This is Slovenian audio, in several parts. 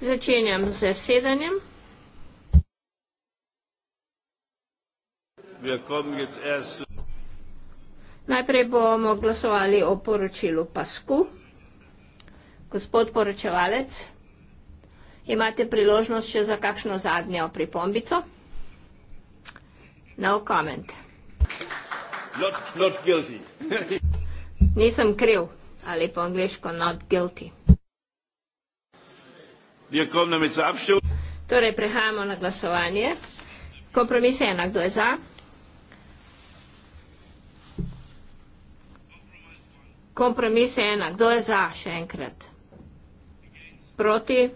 Začenjam z zasedanjem. Najprej bomo glasovali o poročilu PASKU. Gospod poročevalec, imate priložnost še za kakšno zadnjo pripombico? No comment. Not, not guilty. Nisem kriv ali po angliško not guilty. Torej, prehajamo na glasovanje. Kompromis ena, kdo je za? Kompromis ena, kdo je za, še enkrat? Proti?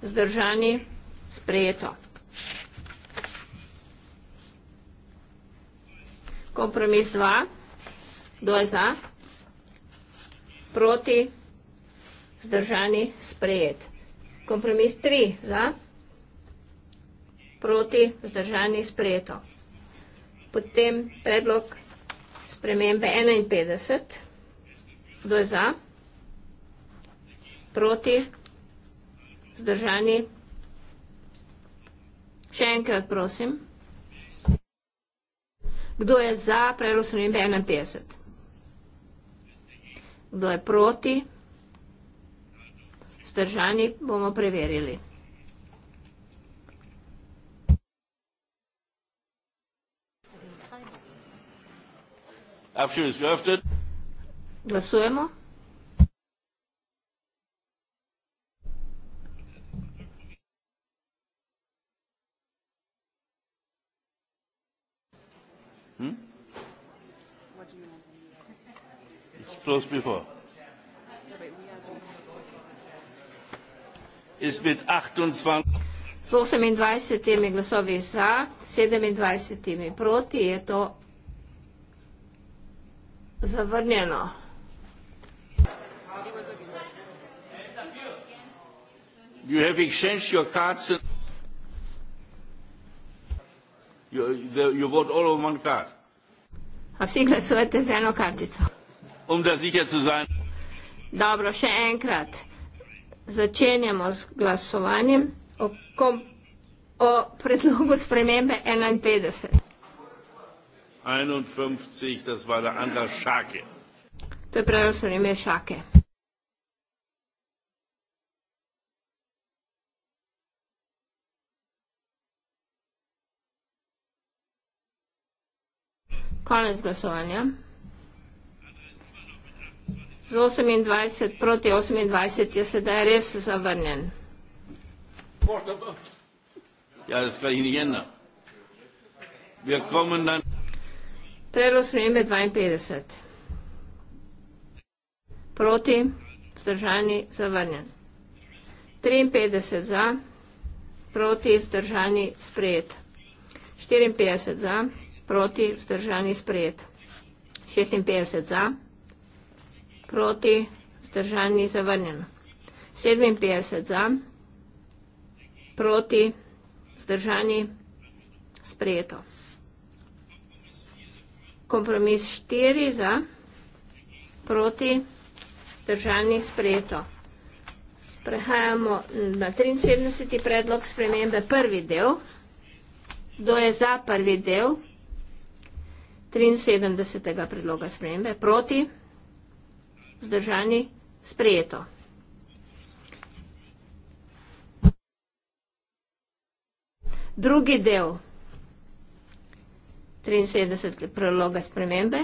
Zdržani? Sprejeto. Kompromis dva, kdo je za? Proti? Zdržani sprejet. Kompromis 3 za. Proti zdržani sprejeto. Potem predlog spremembe 51. Kdo je za? Proti zdržani. Še enkrat prosim. Kdo je za predlog spremembe 51? Kdo je proti? vzdržani, bomo preverili. Glasujemo. Hm? Close before. Z 28 glasovi za, 27 proti je to zavrnjeno. You have exchanged your cards. You, the, you vote all on one card. A vsi glasujete z eno kartico. Um, da, sicher zu sein. Dobro, še enkrat. Začenjamo z glasovanjem o, kom, o predlogu spremembe 51. 51, das war der Anker Schake. To je predlog spremembe Šake. Konec glasovanja z 28 proti 28 je sedaj res zavrnjen. Ja, das kann ich nicht ändern. Wir kommen dann... Predlog sprejme 52. Proti, vzdržani, zavrnjen. 53 za, proti, vzdržani, sprejet. 54 za, proti, vzdržani, sprejet. 56 za, proti, vzdržani, sprejet proti, zdržan ni zavrnjen. 57 za, proti, zdržani, sprejeto. Kompromis 4 za, proti, zdržani, sprejeto. Prehajamo na 73. predlog spremembe prvi del. Kdo je za prvi del 73. predloga spremembe? Proti. Vzdržani. Sprejeto. Drugi del 73. preloga spremembe.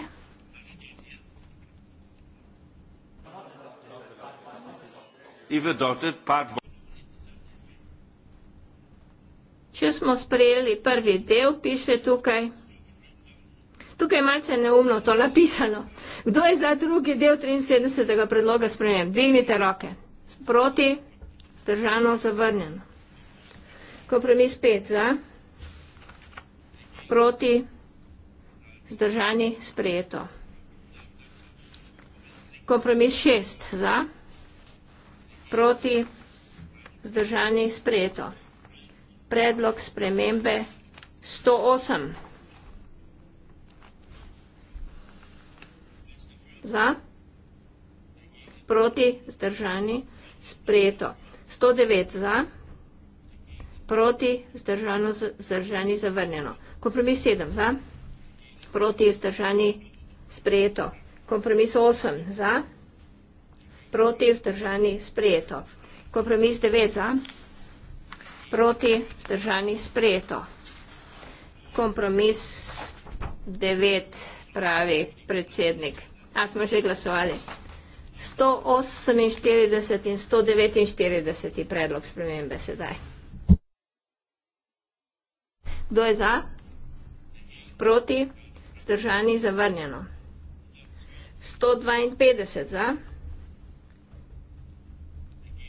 Če smo sprejeli prvi del, piše tukaj, Tukaj je malce neumno to napisano. Kdo je za drugi del 73. predloga sprememb? Dvignite roke. Proti, zdržano, zavrnjeno. Kompromis 5 za, proti, zdržani, sprejeto. Kompromis 6 za, proti, zdržani, sprejeto. Predlog spremembe 108. za, proti, zdržani, sprejeto. 109 za, proti, zdržano, zdržani, zavrnjeno. Kompromis 7 za, proti, zdržani, sprejeto. Kompromis 8 za, proti, zdržani, sprejeto. Kompromis 9 za, proti, zdržani, sprejeto. Kompromis 9 pravi predsednik. A smo že glasovali? 148 in 149 predlog spremembe sedaj. Kdo je za? Proti? Zdržani zavrnjeno. 152 za?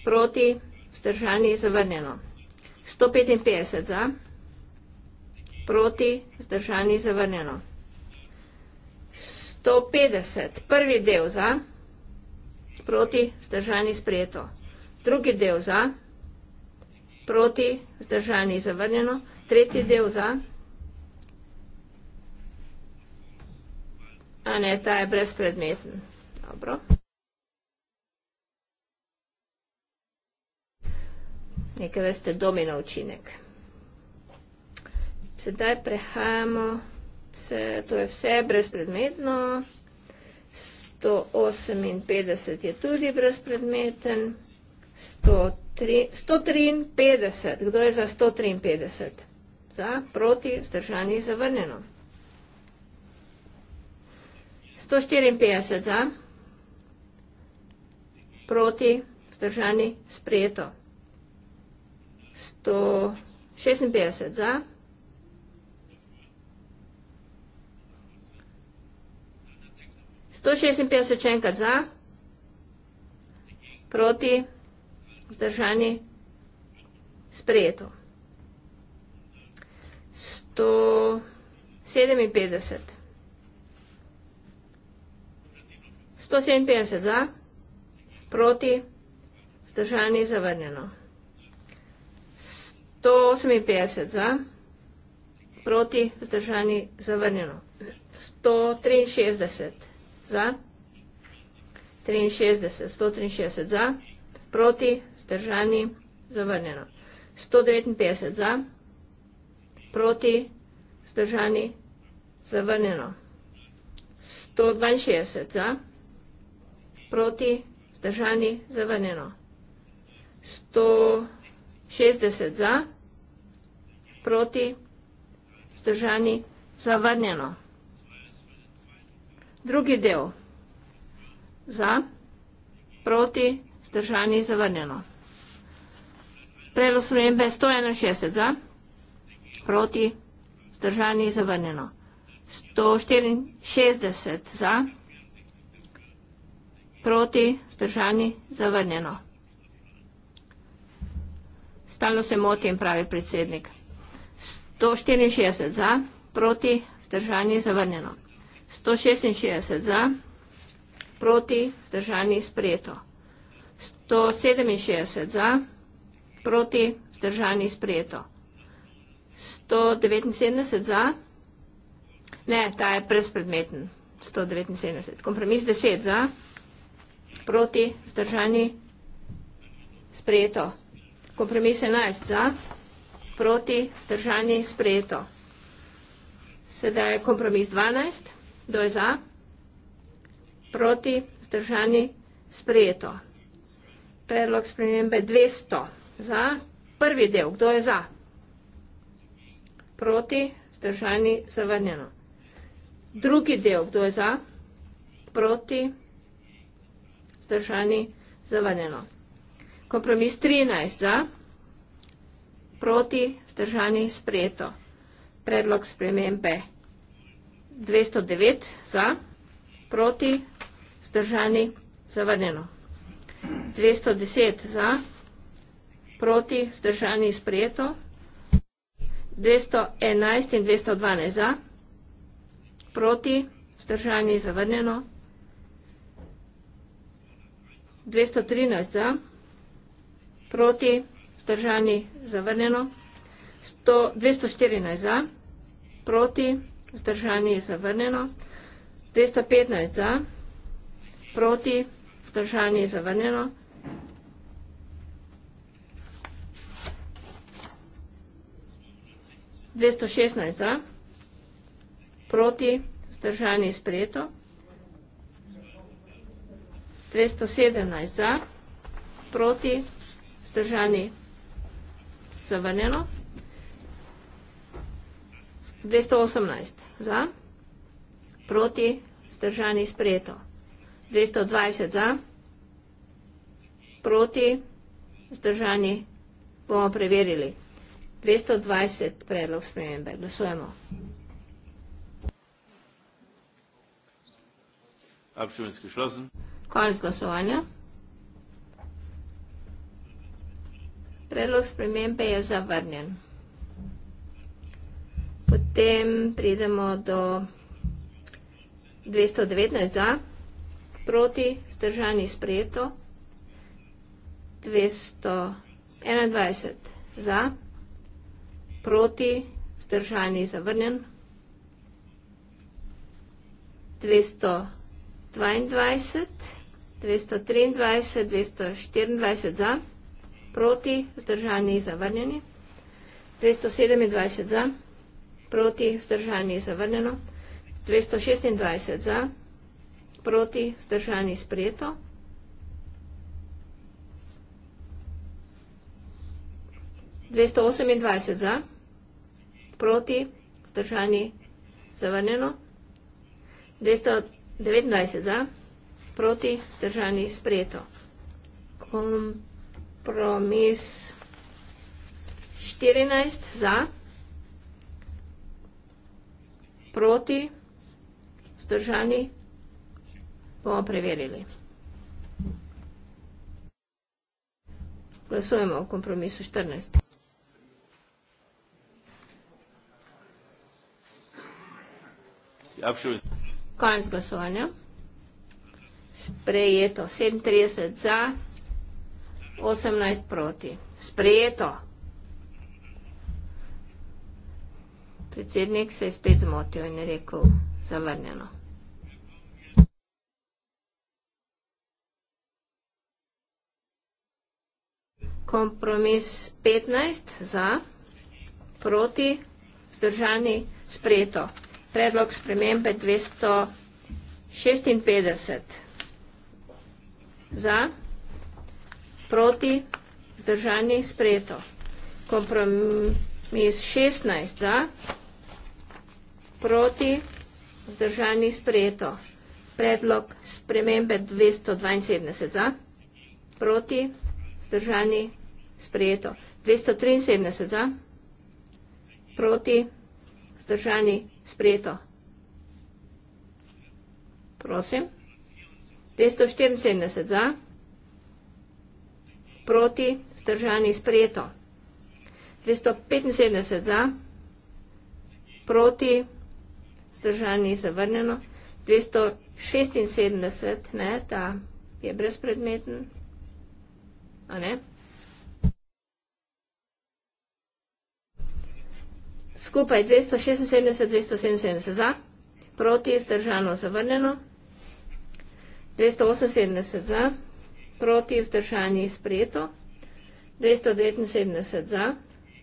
Proti? Zdržani zavrnjeno. 155 za? Proti? Zdržani zavrnjeno. 150, prvi del za, proti, zdržani sprejeto, drugi del za, proti, zdržani zavrnjeno, tretji del za, a ne, ta je brezpredmeten. Dobro. Nekaj veste, domino učinek. Sedaj prehajamo vse, to je vse brezpredmetno. 158 je tudi brezpredmeten. 103, 153, kdo je za 153? Za, proti, vzdržani, zavrnjeno. 154 za, proti, vzdržani, sprejeto. 156 za. 156 še enkrat za, proti, vzdržani, sprejeto. 157. 157 za, proti, vzdržani, zavrnjeno. 158 za, proti, vzdržani, zavrnjeno. 163 za, 63, 163 za, proti, zdržani, zavrnjeno. 159 za, proti, zdržani, zavrnjeno. 162 za, proti, zdržani, zavrnjeno. 160 za, proti, zdržani, zavrnjeno. Drugi del. Za, proti, zdržani, zavrnjeno. Predlog spremembe 161 za, proti, zdržani, zavrnjeno. 164 za, proti, zdržani, zavrnjeno. Stalno se motim, pravi predsednik. 164 za, proti, zdržani, zavrnjeno. 164 za, proti, zdržani, zavrnjeno. 166 za, proti, zdržani, sprejeto. 167 za, proti, zdržani, sprejeto. 179 za, ne, ta je prespredmeten, 179. Kompromis 10 za, proti, zdržani, sprejeto. Kompromis 11 za, proti, zdržani, sprejeto. Sedaj je kompromis 12. Kdo je za? Proti? Zdržani? Sprejeto. Predlog spremembe 200. Za. Prvi del. Kdo je za? Proti? Zdržani? Zavrnjeno. Drugi del. Kdo je za? Proti? Zdržani? Zavrnjeno. Kompromis 13. Za. Proti? Zdržani? Sprejeto. Predlog spremembe 13. 209 za, proti, zdržani, zavrnjeno. 210 za, proti, zdržani, sprejeto. 211 in 212 za, proti, zdržani, zavrnjeno. 213 za, proti, zdržani, zavrnjeno. 214 za, proti, zdržani, zavrnjeno. Vzdržanje je zavrnjeno. 215 za, proti, vzdržanje je zavrnjeno. Dvesto šestnaest za, proti, vzdržanje je sprejeto. Dvesto sedemnaest za, proti, vzdržanje je zavrnjeno. 218 za, proti, stržani sprejeto. 220 za, proti, stržani bomo preverili. 220 predlog spremembe. Glasujemo. Konec glasovanja. Predlog spremembe je zavrnjen. Potem pridemo do 219 za, proti, zdržani sprejeto, 221 za, proti, zdržani zavrnjen, 222, 223, 224 za, proti, zdržani zavrnjeni, 227 za proti, vzdržani zavrnjeno, 226 za, proti, vzdržani sprejeto. Dvesto osemindvajset za, proti, vzdržani, zavrnjeno. Dvesto devetindvajset za, proti, vzdržani, sprejeto. Kompromis štirinajst za, proti, vzdržani, sprejeto proti, vzdržani, bomo preverili. Glasujemo o kompromisu 14. Konec glasovanja. Sprejeto. 37 za, 18 proti. Sprejeto. Sprejeto. Predsednik se je spet zmotil in je rekel: Zavrnjeno. Kompromis 15 za, proti, vzdržani, sprejeto. Predlog spremembe 256 za, proti, vzdržani, sprejeto. Kompromis 16 za, proti, vzdržani sprejeto. Predlog spremembe 272 za, proti, vzdržani sprejeto. 273 za, proti, vzdržani sprejeto. Prosim. 274 za, proti, vzdržani sprejeto. 275 za, proti, vzdržani sprejeto vzdržanih zavrnjeno, 276, ne, ta je brezpredmeten, a ne? Skupaj 276, 277 za, proti vzdržano zavrnjeno, 278 za, proti vzdržanji sprejeto, 279 za,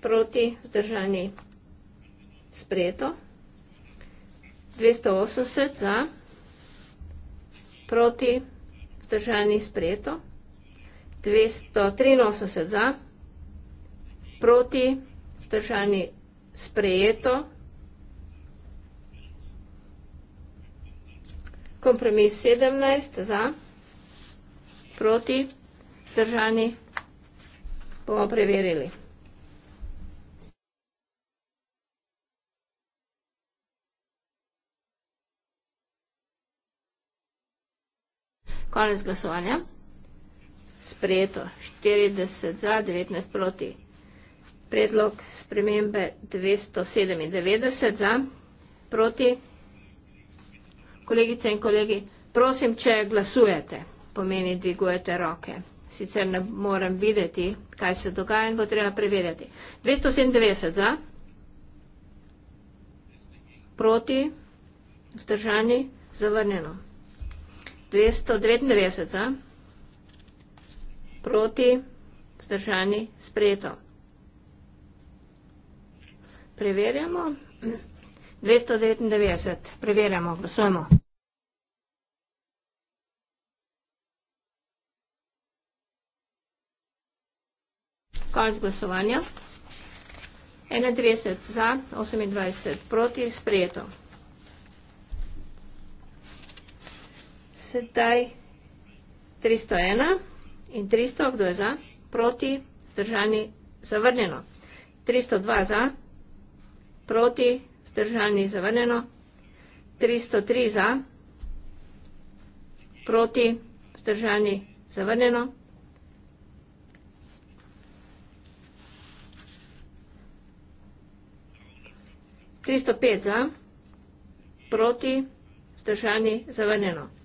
proti vzdržanji sprejeto. 280 za, proti vzdržanje sprejeto. 283 za, proti vzdržanje sprejeto. Kompromis 17 za, proti vzdržanje bomo preverili. Konec glasovanja. Sprejeto. 40 za, 19 proti. Predlog spremembe 297 za, proti. Kolegice in kolegi, prosim, če glasujete, pomeni dvigujete roke. Sicer ne morem videti, kaj se dogaja in bo treba preverjati. 297 za, proti, vzdržani, zavrnjeno. 299 za, proti zdržani sprejeto. Preverjamo. 299. Preverjamo. Glasujemo. Konec glasovanja. 31 za, 28 proti, sprejeto. sedaj 301 in 300, kdo je za, proti, vzdržani, zavrnjeno. 302 za, proti, vzdržani, zavrnjeno. 303 za, proti, vzdržani, zavrnjeno. Tristo pet za, proti, vzdržani, zavrnjeno.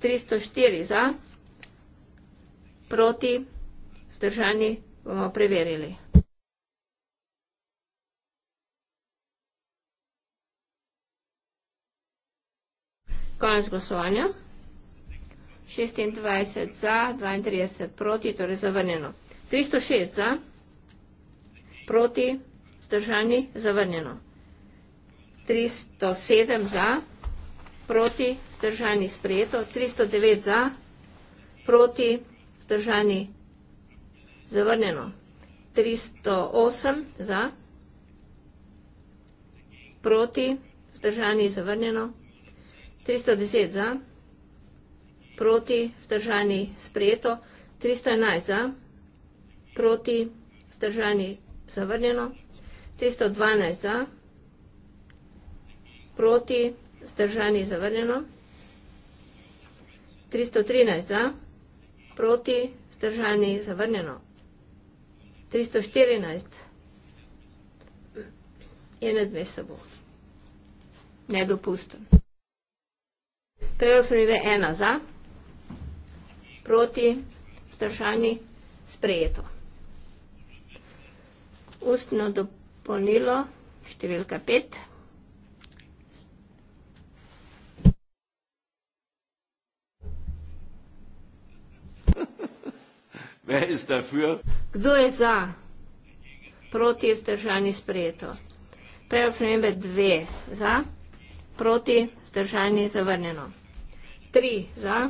304 za, proti, zdržani, bomo preverili. Konec glasovanja. 26 za, 32 proti, torej zavrnjeno. 306 za, proti, zdržani, zavrnjeno. 307 za, proti, zdržani vzdržani, sprejeto, 309 za, proti, vzdržani, zavrnjeno, 308 za, proti, vzdržani, zavrnjeno, 310 za, proti, vzdržani, sprejeto, 311 za, proti, vzdržani, zavrnjeno, 312 za, proti, vzdržani, zavrnjeno, 312 za, proti, vzdržani, zavrnjeno, 313 za, proti, vzdržani, zavrnjeno. 314 je med mesobo. Nedopusten. Prejelo sem ime ena za, proti, vzdržani, sprejeto. Ustno dopolnilo, številka pet. Wer ist dafür? Kdo je za? Proti je vzdržani sprejeto. Predlog spremembe dve za, proti vzdržani zavrnjeno. Tri za,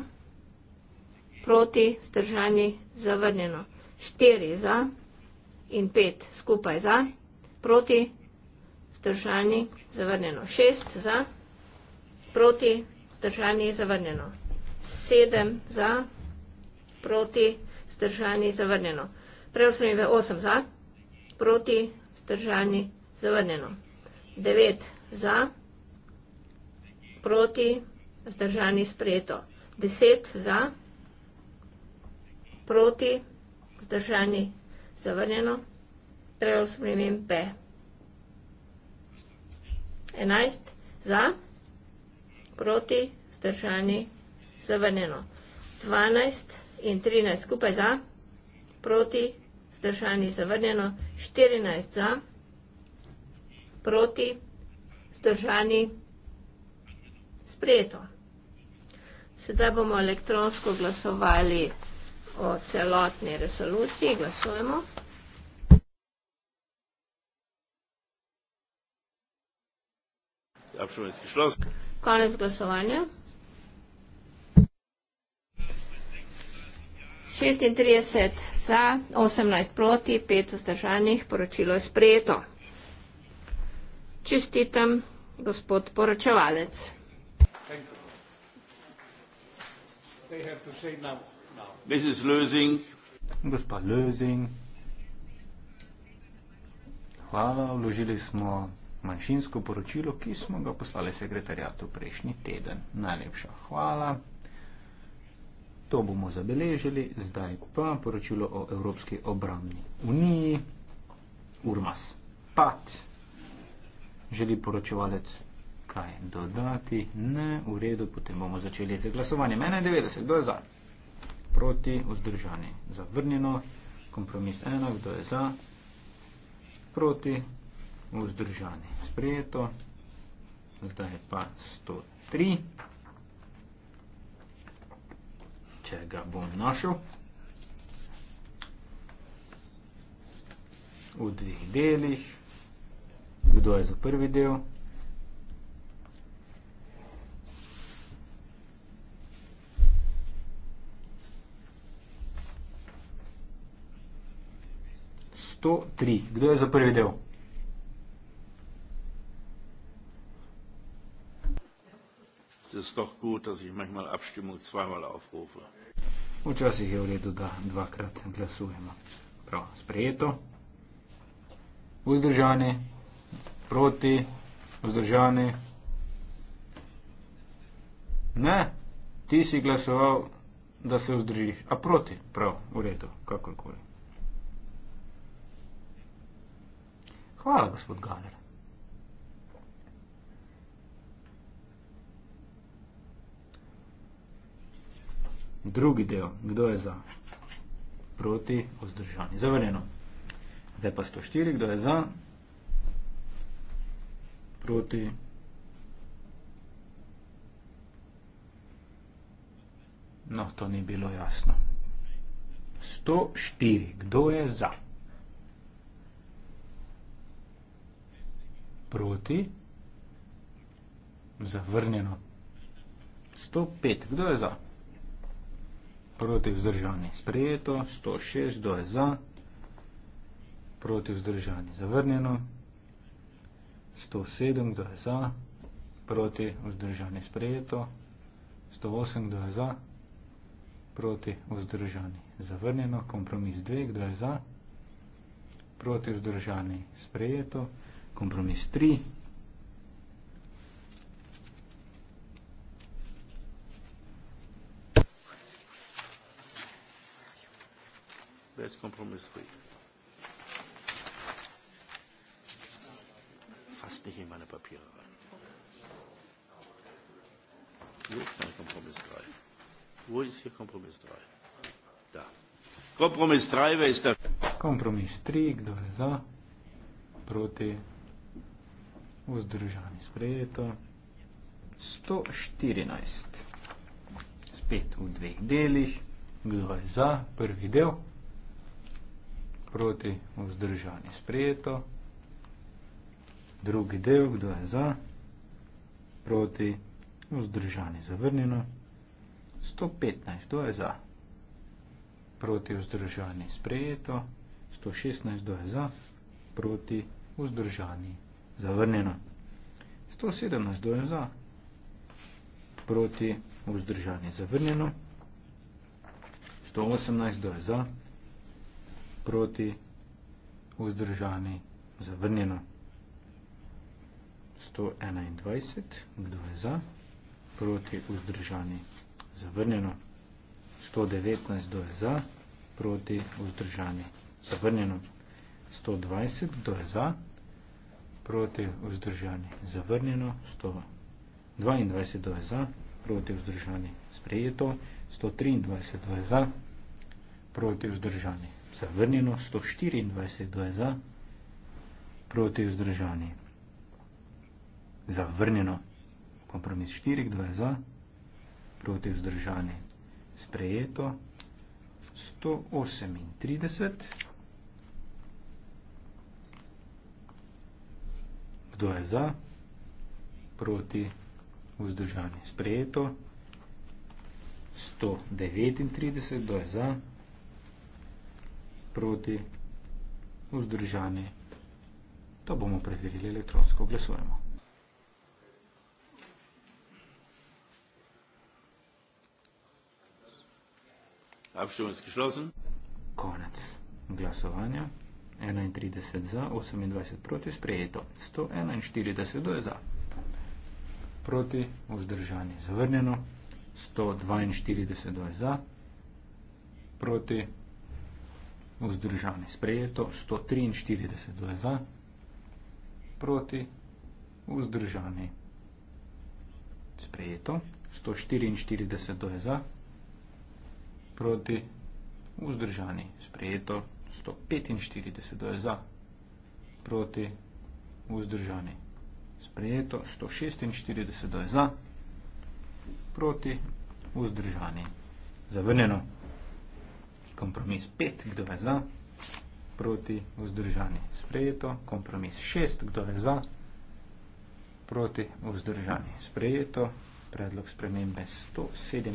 proti vzdržani zavrnjeno. Štiri za in pet skupaj za, proti vzdržani zavrnjeno. Šest za, proti vzdržani zavrnjeno. Sedem za, proti vzdržani zavrnjeno vzdržani, zavrnjeno. Preosmejive 8 za, proti, vzdržani, zavrnjeno. 9 za, proti, vzdržani, sprejeto. 10 za, proti, vzdržani, zavrnjeno. Preosmejive 11 za, proti, vzdržani, zavrnjeno. 12 in 13 skupaj za, proti, zdržani zavrnjeno, 14 za, proti, zdržani sprejeto. Sedaj bomo elektronsko glasovali o celotni resoluciji. Glasujemo. Konec glasovanja. 36 za, 18 proti, 5 vzdržanih, poročilo je sprejeto. Čestitam, gospod poročevalec. Gospa Lözing, hvala, vložili smo manjšinsko poročilo, ki smo ga poslali sekretarjatu prejšnji teden. Najlepša hvala. To bomo zabeležili, zdaj pa poročilo o Evropski obramni uniji. Urmas Pat, želi poročevalec kaj dodati? Ne, v redu, potem bomo začeli z glasovanjem. 91, kdo je za? Proti, vzdržani, zavrnjeno. Kompromis 1, kdo je za? Proti, vzdržani, sprejeto. Zdaj pa 103 če ga bom našel. V dveh delih. Kdo je za prvi del? Sto tri. Kdo je za prvi del? es doch gut, dass ich manchmal Abstimmung zweimal aufrufe. Včasih je v redu, da dvakrat glasujemo. Prav, sprejeto, vzdržani, proti, vzdržani. Ne, ti si glasoval, da se vzdržiš, a proti, prav, v redu, kakorkoli. Hvala, gospod Galer. Drugi del, kdo je za? Proti, vzdržani. Zavrnjeno. Zdaj pa 104, kdo je za? Proti. No, to ni bilo jasno. 104, kdo je za? Proti. Zavrnjeno. 105, kdo je za? Proti proti vzdržani. Sprejeto, 106, kdo je za, proti vzdržani. Zavrnjeno, 107, kdo je za, proti vzdržani. Sprejeto, 108, kdo je za, proti vzdržani. Zavrnjeno, kompromis 2, kdo je za, proti vzdržani. Sprejeto, kompromis 3, kdo je za, brez kompromisov. Fast nicht in meine Papiere rein. Hier ist kein Kompromiss 3. Wo ist hier Kompromiss 3? Da. Kompromiss 3, wer ist da? Kompromiss 3, kdo je za? Proti. Vzdružani sprejeto. 114. Spet v dveh delih. Kdo je za? Prvi del proti, vzdržani, sprejeto. Drugi del, kdo je za, proti, vzdržani, zavrnjeno. 115, kdo je za, proti, vzdržani, sprejeto. 116, kdo je za, proti, vzdržani, zavrnjeno. 117, kdo je za, proti, vzdržani, zavrnjeno. 118, kdo je za, proti, vzdržani, zavrnjeno proti, vzdržani, zavrnjeno. 121, kdo je za, proti, vzdržani, zavrnjeno. 119, kdo je za, proti, vzdržani, zavrnjeno. 120, kdo je za, proti, vzdržani, zavrnjeno. 122, kdo je za, proti, vzdržani, sprejeto. 123, kdo je za, proti, vzdržani, zavrnjeno 124 do EZA proti vzdržani. Zavrnjeno kompromis 4 do EZA proti vzdržani. Sprejeto 138 do EZA proti vzdržani. Sprejeto 139 do EZA proti vzdržani proti, vzdržani. To bomo preverili elektronsko. Glasujemo. Konec glasovanja. 31 za, 28 proti, sprejeto. 141 do je za. Proti, vzdržani, zavrnjeno. 142 do je za. Proti, vzdržani. Sprejeto 143 je za, proti vzdržani. Sprejeto 144 je za, proti vzdržani. Sprejeto 145 je za, proti vzdržani. Sprejeto 146 je za, proti vzdržani. Zavrnjeno kompromis 5, kdo je za, proti, vzdržani, sprejeto, kompromis 6, kdo je za, proti, vzdržani, sprejeto, predlog spremembe 157,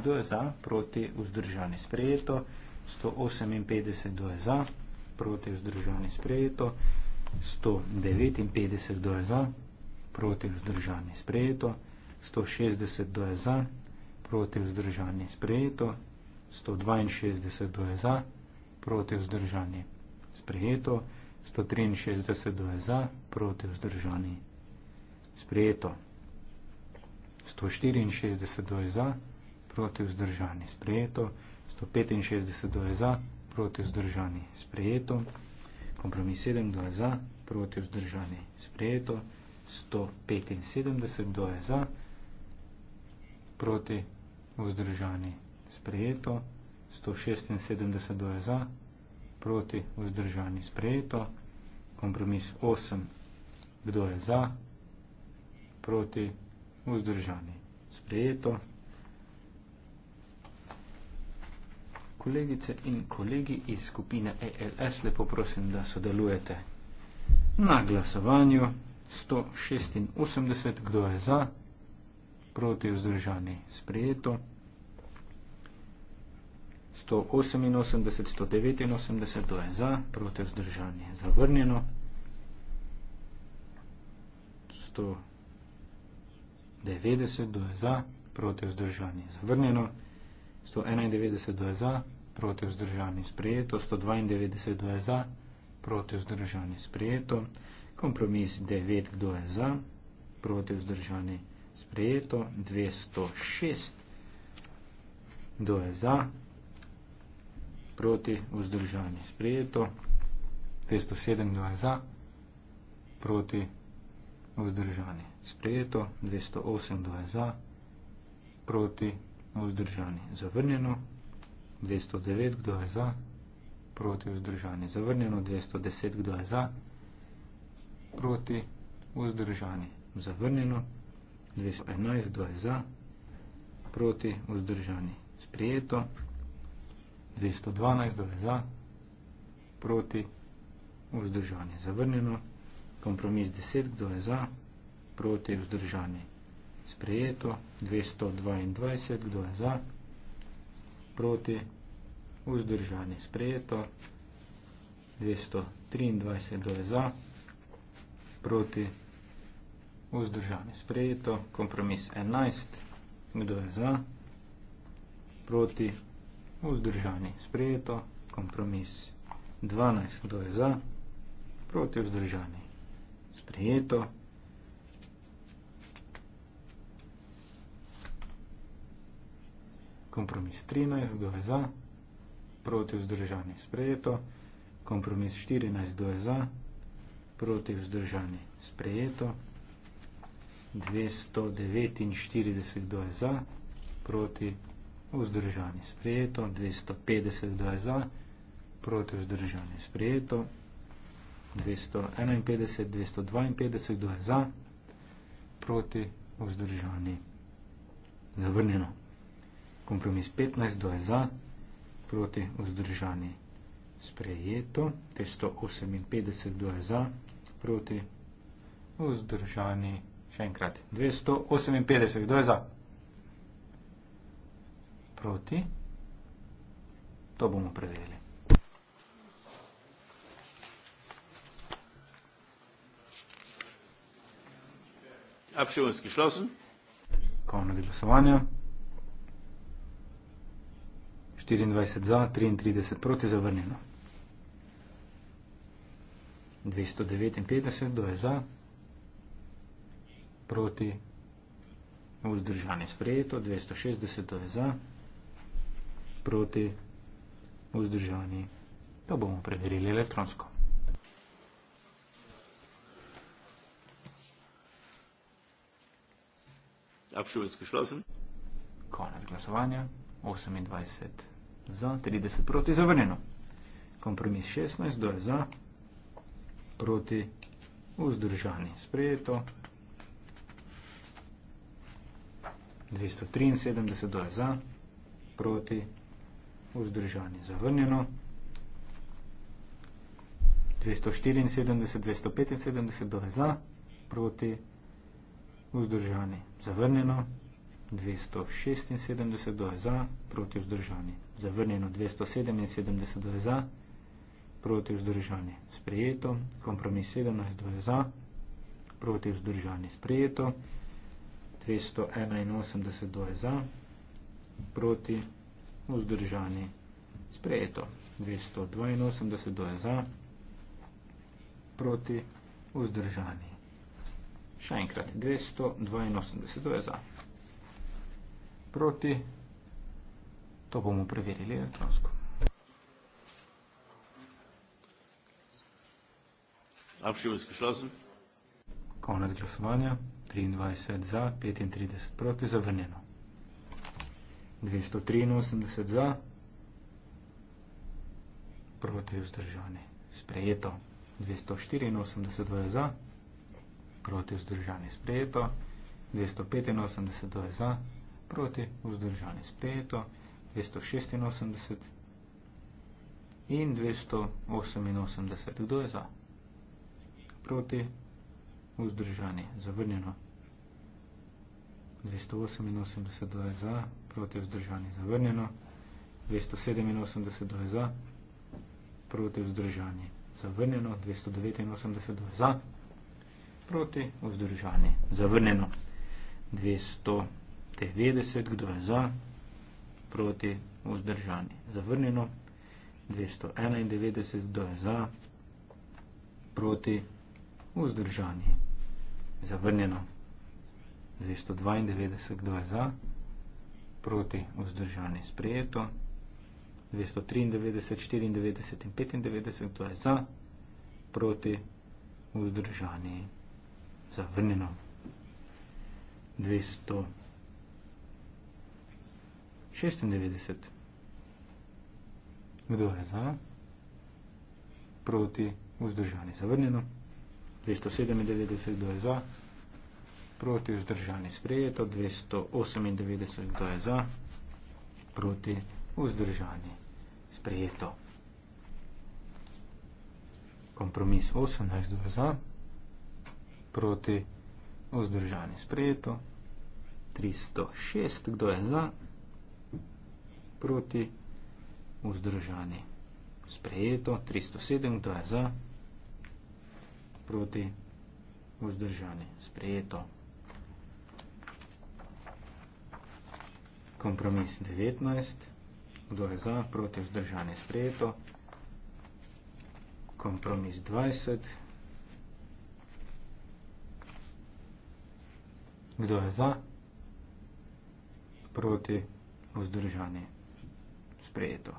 kdo je za, proti, vzdržani, sprejeto, 158, kdo je za, proti, vzdržani, sprejeto, 159, kdo je za, proti, vzdržani, sprejeto, 160, kdo je za, proti vzdržani sprejeto, 162 do je za, proti vzdržani. Sprejeto. 163 do je za, proti vzdržani. Sprejeto. 164 do je za, proti vzdržani. Sprejeto. 165 do je za, proti vzdržani. Sprejeto. Kompromis 7 do je za, proti vzdržani. Sprejeto. 175 do je za, proti vzdržani. Sprejeto sprejeto, 176 do je za, proti vzdržani sprejeto, kompromis 8, kdo je za, proti vzdržani sprejeto. Kolegice in kolegi iz skupine ALS, e lepo prosim, da sodelujete na glasovanju 186, kdo je za, proti vzdržani sprejeto. 188, 189, to je za, proti vzdržanje zavrnjeno. 190, to je za, proti vzdržanje zavrnjeno. 191, to je za, proti vzdržanje sprejeto. 192, to je za, proti vzdržanje sprejeto. Kompromis 9, kdo je za, proti vzdržanje sprejeto. 206, kdo je za, proti vzdržanje sprejeto proti vzdržani. Sprejeto. 207 za, proti vzdržani. Sprejeto. 208 za, proti vzdržani. Zavrnjeno. 209 kdo je za, proti vzdržani. Zavrnjeno. 210 kdo je za, proti vzdržani. Zavrnjeno. 211 kdo je za, proti vzdržani. Sprejeto. 212 dole za, proti, vzdržanje zavrnjeno, kompromis 10 dole za, proti, vzdržanje sprejeto, 222 dole za, proti, vzdržanje sprejeto, 223 dole za, proti, vzdržanje sprejeto, kompromis 11, kdo je za, proti, vzdržanje sprejeto, vzdržani. Sprejeto, kompromis 12, kdo je za, proti vzdržani. Sprejeto. Kompromis 13, kdo je za, proti vzdržani. Sprejeto. Kompromis 14, kdo je za, proti vzdržani. Sprejeto. 249, kdo je za, proti vzdržani vzdržani sprejeto, 252 za, proti vzdržani sprejeto, 251, 252 kdo je za, proti vzdržani zavrnjeno. Kompromis 15 kdo je za, proti vzdržani sprejeto, 258 kdo je za, proti vzdržani še enkrat, 258 kdo je za proti. To bomo preverili. Abšivonski šlosen. Konec glasovanja. 24 za, 33 proti, zavrnjeno. 259, do je za, proti, vzdržani sprejeto, 260, do je za, proti, vzdržani. Pa bomo preverili elektronsko. Konec glasovanja. 28 za, 30 proti, zavrnjeno. Kompromis 16, kdo je za, proti, vzdržani. Sprejeto. 273, kdo je za, proti, vzdržani vzdržani zavrnjeno. 274, 275 dole za, proti, vzdržani zavrnjeno. 276 dole za, proti vzdržani zavrnjeno. 277 dole za, proti vzdržani sprejeto. Kompromis 17 dole za, proti vzdržani sprejeto. 281 dole za, proti vzdržani sprejeto vzdržani. Sprejeto 282 do je za, proti vzdržani. Še enkrat 282 do je za, proti, to bomo preverili elektronsko. Konec glasovanja, 23 za, 35 proti, zavrnjeno. 283 za, proti vzdržani. Sprejeto. 284 je za, proti vzdržani. Sprejeto. 285 je za, proti vzdržani. Sprejeto. 286 in 288. Kdo je za? Proti vzdržani. Zavrnjeno. 288 je za, proti vzdržanje zavrnjeno, 287 do je za, proti vzdržanje zavrnjeno, 289 do je za, proti vzdržanje zavrnjeno, 290 kdo je za, proti vzdržanje zavrnjeno, 291 kdo je za, proti vzdržanje zavrnjeno, 292 kdo je za, proti vzdržanje zavrnjeno, 292 kdo je za, proti vzdržani sprejeto, 293, 94 in 95, to je za, proti vzdržani zavrnjeno, 296, kdo je za, proti vzdržani zavrnjeno, 297, kdo je za, proti, vzdržani sprejeto, 298, kdo je za, proti, vzdržani sprejeto. Kompromis 18, kdo je za, proti, vzdržani sprejeto, 306, kdo je za, proti, vzdržani sprejeto, 307, kdo je za, proti, vzdržani sprejeto. kompromis 19, kdo je za, proti vzdržanje sprejeto, kompromis 20, kdo je za, proti vzdržanje sprejeto.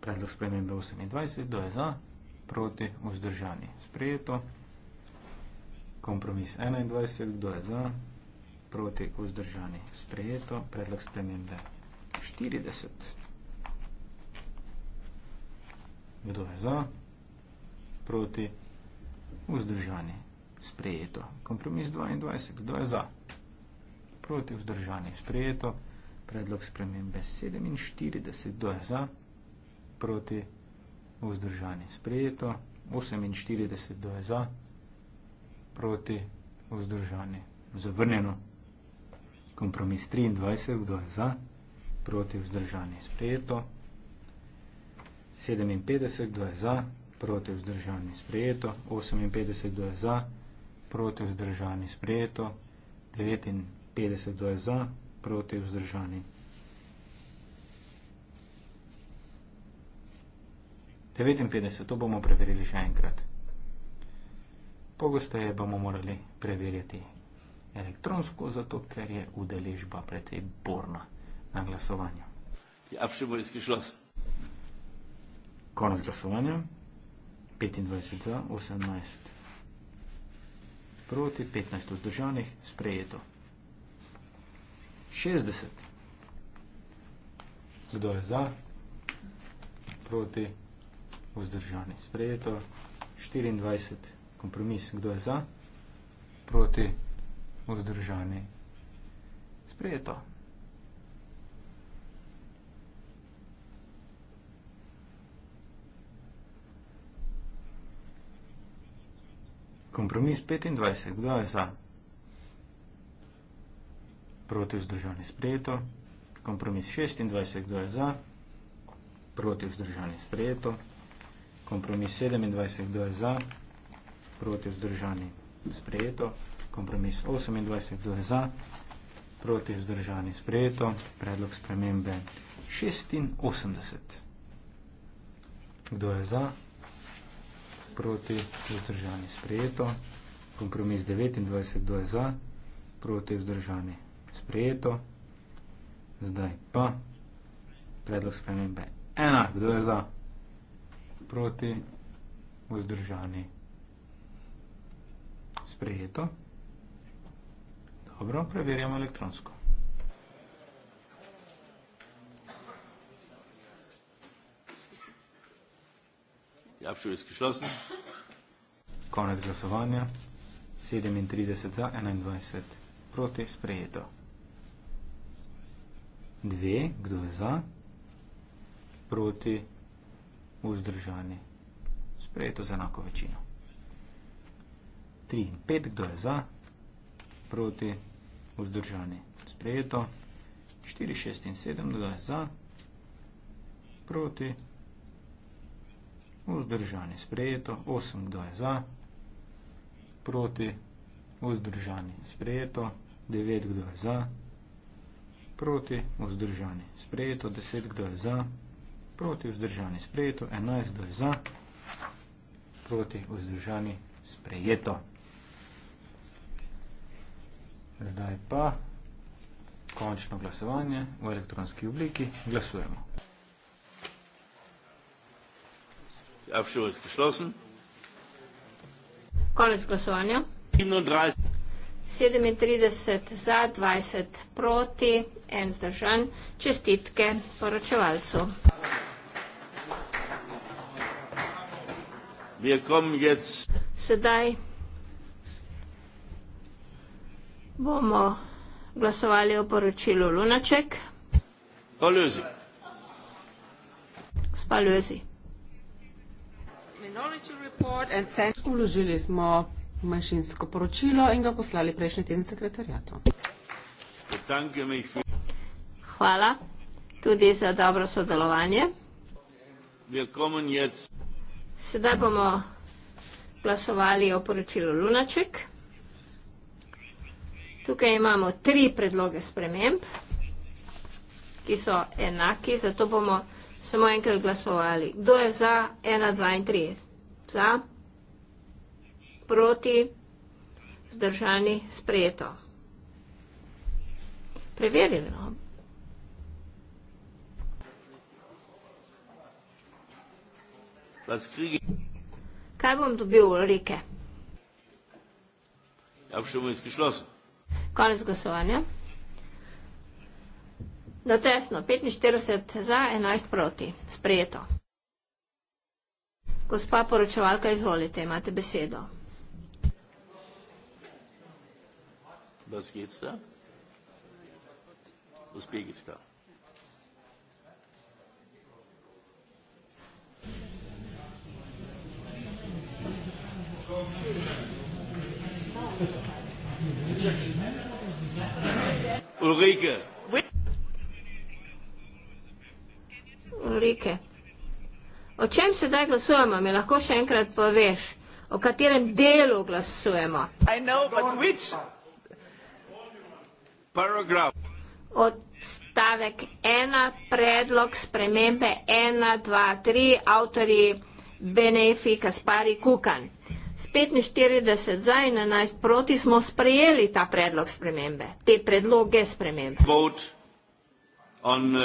Predlog spremembe 28, kdo je za, proti vzdržanje sprejeto, kompromis 21, kdo je za, proti vzdržanje sprejeto proti vzdržani. Sprejeto, predlog spremembe 40. Kdo je za? Proti vzdržani. Sprejeto. Kompromis 22. Kdo je za? Proti vzdržani. Sprejeto. Predlog spremembe 47. Kdo je za? Proti vzdržani. Sprejeto. 48. Kdo je za? Proti vzdržani. Zavrnjeno. Kompromis 23, kdo je za? Proti vzdržanje sprejeto. 57, kdo je za? Proti vzdržanje sprejeto. 58, kdo je za? Proti vzdržanje sprejeto. 59, kdo je za? Proti vzdržanje. 59, to bomo preverili še enkrat. Pogosteje bomo morali preverjati elektronsko, zato ker je udeležba precej borna na glasovanju. Ja, še bo izkišlost. Konec glasovanja. 25 za, 18 proti, 15 vzdržanih, sprejeto. 60. Kdo je za? Proti, vzdržanih, sprejeto. 24. Kompromis, kdo je za? Proti, vzdržanih vzdržani. Sprejeto. Kompromis 25. Kdo je za? Proti vzdržani. Sprejeto. Kompromis 26. Kdo je za? Proti vzdržani. Sprejeto. Kompromis 27. Kdo je za? Proti vzdržani. Sprejeto kompromis 28, kdo je za, proti vzdržani sprejeto, predlog spremembe 86. Kdo je za, proti vzdržani sprejeto, kompromis 29, kdo je za, proti vzdržani sprejeto, zdaj pa predlog spremembe 1, kdo je za, proti vzdržani sprejeto. Sprejeto. Dobro, preverjamo elektronsko. Ja, Konec glasovanja. 37 za, 21 proti, sprejeto. Dve, kdo je za, proti, vzdržani. Sprejeto za enako večino. 3 in 5, kdo je za, proti vzdržani. Sprejeto. 4, 6 in 7 dodaj za, proti, vzdržani. Sprejeto. 8 dodaj za, proti, vzdržani. Sprejeto. 9 dodaj za, proti, vzdržani. Sprejeto. 10 dodaj za, proti, vzdržani. Sprejeto. 11 dodaj za, proti, vzdržani. Sprejeto. Sprejeto. Zdaj pa končno glasovanje v elektronski obliki. Glasujemo. Abšul je sklosen. Konec glasovanja. 37 za, 20 proti, en zdržan. Čestitke poročevalcu. Sedaj bomo glasovali o poročilu Lunaček. Pa Ljuzi. Gospa Ljuzi. Vložili smo manjšinsko poročilo in ga poslali prejšnji teden sekretarjato. Hvala tudi za dobro sodelovanje. Sedaj bomo glasovali o poročilu Lunaček. Tukaj imamo tri predloge sprememb, ki so enaki, zato bomo samo enkrat glasovali. Kdo je za 1, 2 in 3? Za, proti, zdržani, sprejeto. Preverimo. Kaj bom dobil, Rike? Abstimmung ist geschlossen. Konec glasovanja. Na tesno, 45 za, 11 proti. Sprejeto. Gospa poročevalka, izvolite, imate besedo. Was geht's da? Was geht's da? Thank you. Ulrike. Ulrike. O čem sedaj glasujemo? Mi lahko še enkrat poveš, o katerem delu glasujemo? I know, but which paragraph? Odstavek ena, predlog spremembe ena, dva, tri, avtori Benefi, Kaspari, Kukan. Uh, s 45 za in 11 proti smo sprejeli ta predlog spremembe, te predloge spremembe. On, uh,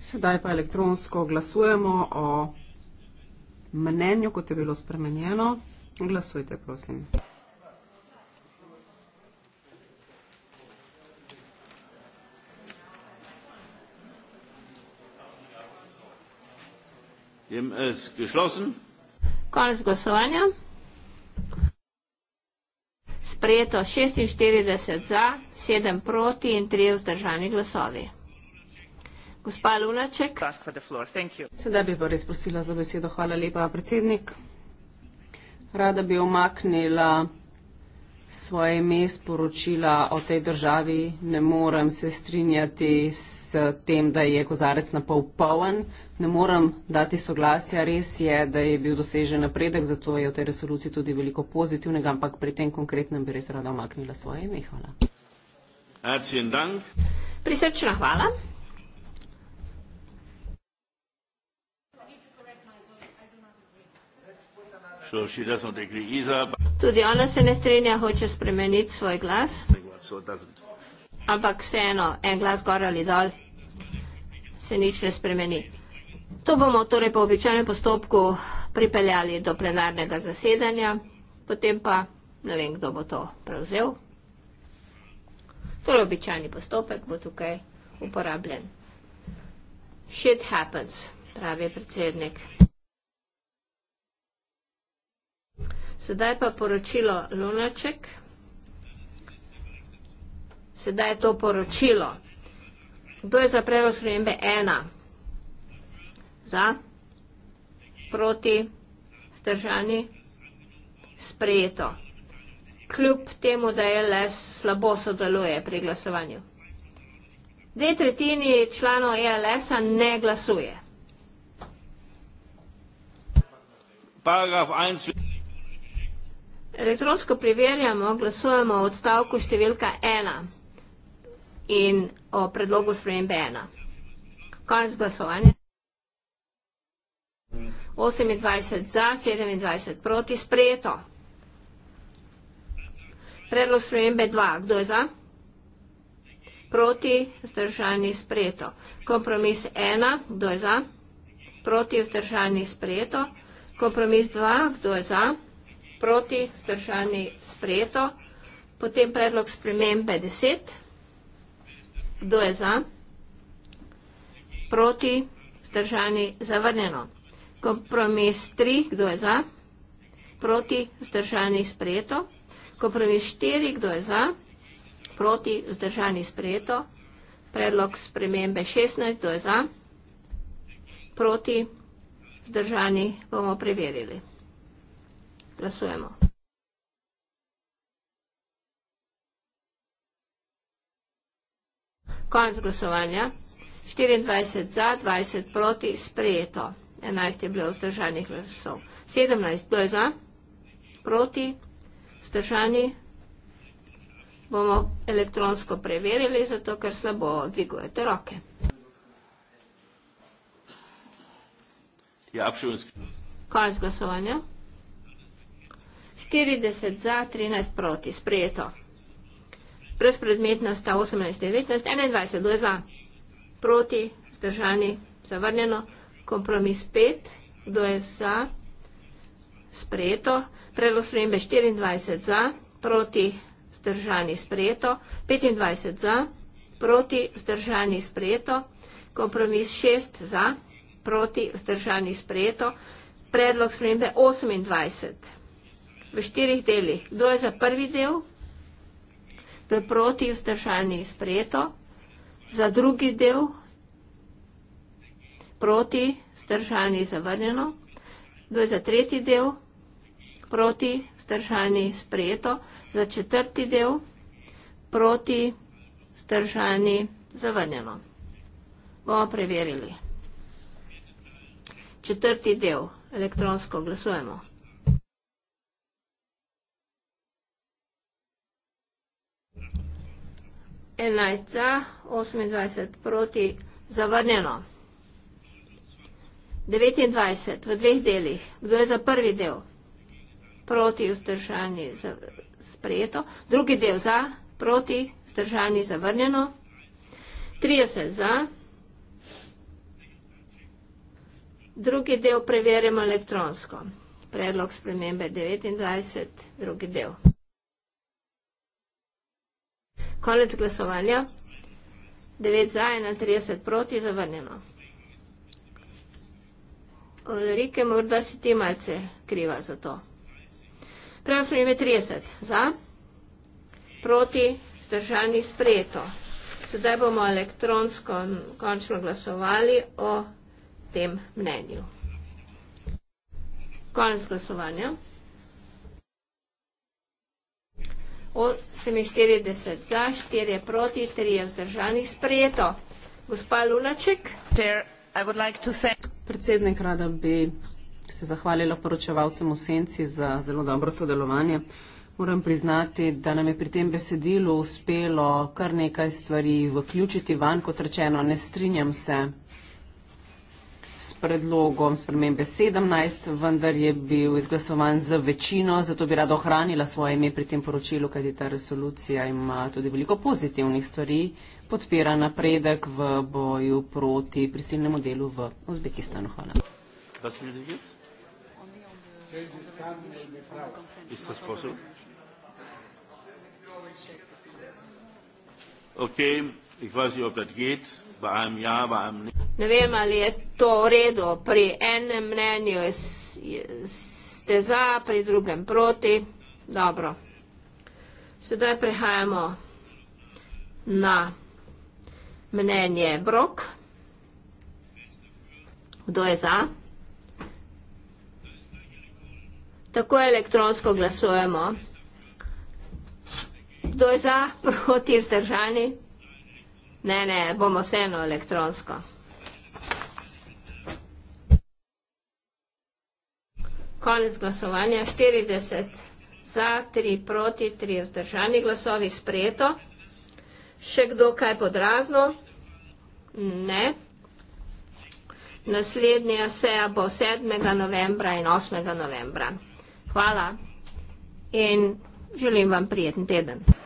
Sedaj pa elektronsko glasujemo o mnenju, kot je bilo spremenjeno. Glasujte, prosim. Dem ist geschlossen. Konec glasovanja. Sprejeto 46 za, 7 proti in 3 vzdržani glasovi. Gospa Lunaček. Sedaj bi pa res prosila za besedo. Hvala lepa, predsednik. Rada bi omaknila svoje ime sporočila o tej državi, ne morem se strinjati s tem, da je kozarec na pol poln, ne morem dati soglasja, res je, da je bil dosežen napredek, zato je v tej resoluciji tudi veliko pozitivnega, ampak pri tem konkretnem bi res rada omaknila svoje ime. Hvala. Prisrčna hvala. Tudi ona se ne strinja, hoče spremeniti svoj glas. Ampak vseeno, en glas gor ali dol, se nič ne spremeni. To bomo torej po običajnem postopku pripeljali do plenarnega zasedanja, potem pa ne vem, kdo bo to prevzel. Torej običajni postopek bo tukaj uporabljen. Shit happens, pravi predsednik. Sedaj pa poročilo Lunaček. Sedaj je to poročilo. Kdo je za predlog spremembe ena? Za? Proti? Zdržani? Sprejeto. Kljub temu, da je LS slabo sodeluje pri glasovanju. Dve tretjini članov ELS-a ne glasuje. Paragraf 1 elektronsko preverjamo, glasujemo o odstavku številka ena in o predlogu spremembe ena. Konec glasovanja. 28 za, 27 proti, sprejeto. Predlog spremembe 2. Kdo je za? Proti, vzdržani, sprejeto. Kompromis 1. Kdo je za? Proti, vzdržani, sprejeto. Kompromis 2. Kdo je za? Proti, vzdržani, sprejeto proti, vzdržani sprejeto. Potem predlog spremembe 10. Kdo je za? Proti, vzdržani zavrnjeno. Kompromis 3. Kdo je za? Proti, vzdržani sprejeto. Kompromis 4. Kdo je za? Proti, vzdržani sprejeto. Predlog spremembe 16. Kdo je za? Proti, vzdržani bomo preverili glasujemo. Konec glasovanja. 24 za, 20 proti, sprejeto. 11 je bilo vzdržanih glasov. 17, kdo je za? Proti, vzdržani. Bomo elektronsko preverili, zato ker slabo dvigujete roke. Ja, Konec glasovanja. 40 za, 13 proti, sprejeto. Brez predmetna sta 18, 19, 21, kdo je za? Proti, zdržani, zavrnjeno. Kompromis 5, kdo je za? Sprejeto. Predlog spremembe 24 za, proti, zdržani, sprejeto. 25 za, proti, zdržani, sprejeto. Kompromis 6 za, proti, zdržani, sprejeto. Predlog spremembe 28 za v štirih delih. Kdo je za prvi del? To je proti vzdržanje sprejeto. Za drugi del? Proti vzdržanje zavrnjeno. Kdo je za tretji del? Proti vzdržanje sprejeto. Za četrti del? Proti vzdržanje zavrnjeno. Bomo preverili. Četrti del. Elektronsko glasujemo. 11 za, 28 proti, zavrnjeno. 29 v dveh delih. Kdo je za prvi del? Proti, vzdržani, sprejeto. Drugi del za, proti, vzdržani, zavrnjeno. 30 za. Drugi del preverimo elektronsko. Predlog spremembe 29, drugi del. Konec glasovanja. 9 za, 31 proti, zavrnjeno. Ulrike, morda si ti malce kriva za to. Prav smo imeli 30 za, proti, zdržani, sprejeto. Sedaj bomo elektronsko končno glasovali o tem mnenju. Konec glasovanja. 48 za, 4 proti, 3 vzdržanih sprejeto. Gospa Lunaček. Predsednik, rada bi se zahvalila poročevalcem v Senci za zelo dobro sodelovanje. Moram priznati, da nam je pri tem besedilu uspelo kar nekaj stvari vključiti van, kot rečeno, ne strinjam se s predlogom spremembe 17, vendar je bil izglasovan za večino, zato bi rada ohranila svoje ime pri tem poročilu, kajti ta resolucija ima tudi veliko pozitivnih stvari, podpira napredek v boju proti prisilnemu delu v Uzbekistanu. Hvala. Okay, ich weiß nicht, ob das geht vam ja, vam ne. Ne vem, ali je to v redu. Pri enem mnenju ste za, pri drugem proti. Dobro. Sedaj prehajamo na mnenje Brok. Kdo je za? Tako elektronsko glasujemo. Kdo je za, proti, vzdržani? Ne, ne, bomo vseeno elektronsko. Konec glasovanja, 40 za, 3 proti, 3 zdržani glasovi, sprejeto. Še kdo kaj podrazno? Ne. Naslednja seja bo 7. novembra in 8. novembra. Hvala in želim vam prijeten teden.